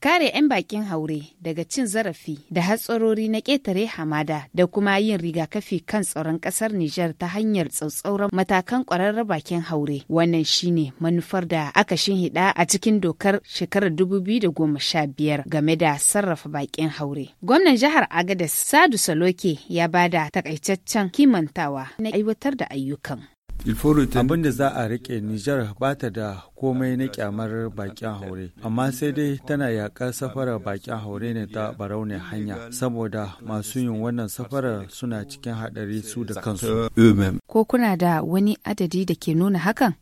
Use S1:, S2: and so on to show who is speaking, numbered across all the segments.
S1: Kare 'yan bakin haure daga cin zarafi da hatsarori na ƙetare hamada da kuma yin rigakafi kan tsaron ƙasar Nijar ta hanyar tsautsauran matakan ƙwararren bakin haure. Wannan shine manufar da aka shinhiɗa a cikin dokar shekarar dubu biyu da goma sha biyar game da sarrafa bakin haure. Gwamnan jihar Agadez Sadu Saloke ya bada takaitaccen kimantawa na aiwatar da ayyukan.
S2: Abin da za a rike Nijar ba ta da komai na kyamar bakin haure, amma sai dai tana yaƙar safarar bakin haure ne ta baraune hanya, saboda masu yin wannan safarar suna cikin haɗari su da kansu.
S1: Ko kuna da wani adadi da ke nuna hakan?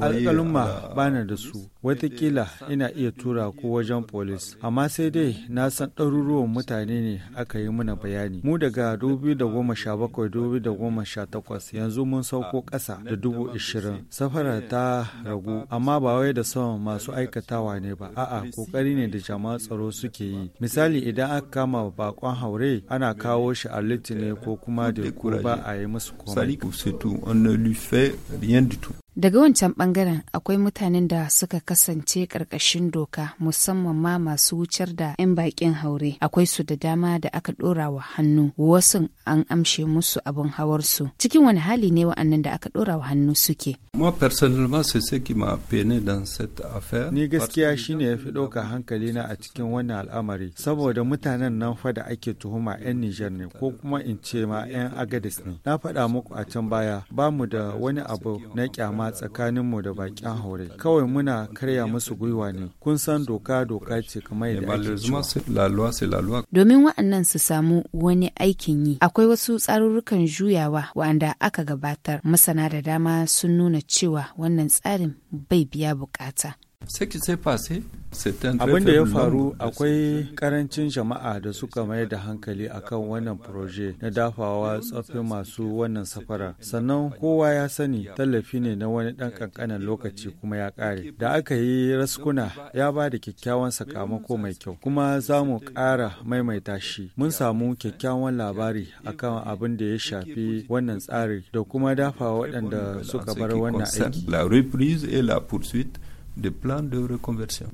S2: alƙalumma ba na da su watakila ina iya tura ko wajen polis amma sai dai na san ɗaruruwan mutane ne aka yi mana bayani mu daga 2017-2018 yanzu mun sauko ƙasa da 20,000 safara ta ragu amma ba wai da son masu aikatawa ne ba a'a kokari ne da jama'a tsaro suke yi misali idan aka kama bakon haure ana kawo shi a litinin ko kuma da ba a yi musu komai
S1: daga wancan bangaren akwai mutanen da suka kasance karkashin doka musamman ma masu wucar da 'yan bakin haure akwai su da dama da aka dora wa hannu wasu an amshe musu abin su. cikin wani hali ne wa'annan da aka dora wa hannu suke
S2: ni gaskiya shine yafi fi ɗauka hankali na a cikin wannan al'amari saboda mutanen nan fa da ake tuhuma 'yan nijar ne ko kuma in ce ma 'yan agadis ne na faɗa muku a can baya ba mu da wani abu na kyama dama tsakaninmu da bakin haure kawai muna karya musu gwiwa ne kun san doka doka ce kamar yadda ake
S1: domin waɗannan su samu wani aikin yi akwai wasu tsarurrukan juyawa wanda aka gabatar masana da dama sun nuna cewa wannan tsarin bai biya bukata
S2: abin da ya faru akwai karancin jama'a da suka mayar da hankali akan wannan proje na dafawa tsoffin masu wannan safara sannan kowa ya sani tallafi ne na wani dan kankanin lokaci kuma ya kare da aka yi raskuna ya ba da kyakkyawan sakamako mai kyau kuma za mu kara maimaita shi mun samu kyakkyawan labari akan abin da ya shafi wannan tsari da kuma dafawa waɗanda suka bar wannan aiki des plans de reconversion.